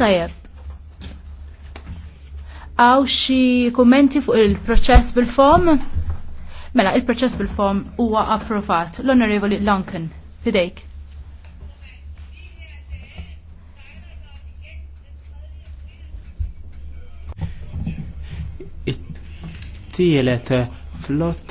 Tajab. Għaw xi kummenti fuq il-proċess bil-fom? Mela, il-proċess bil-fom huwa approvat. L-Onorevoli Lankan, fidejk. Tielet flott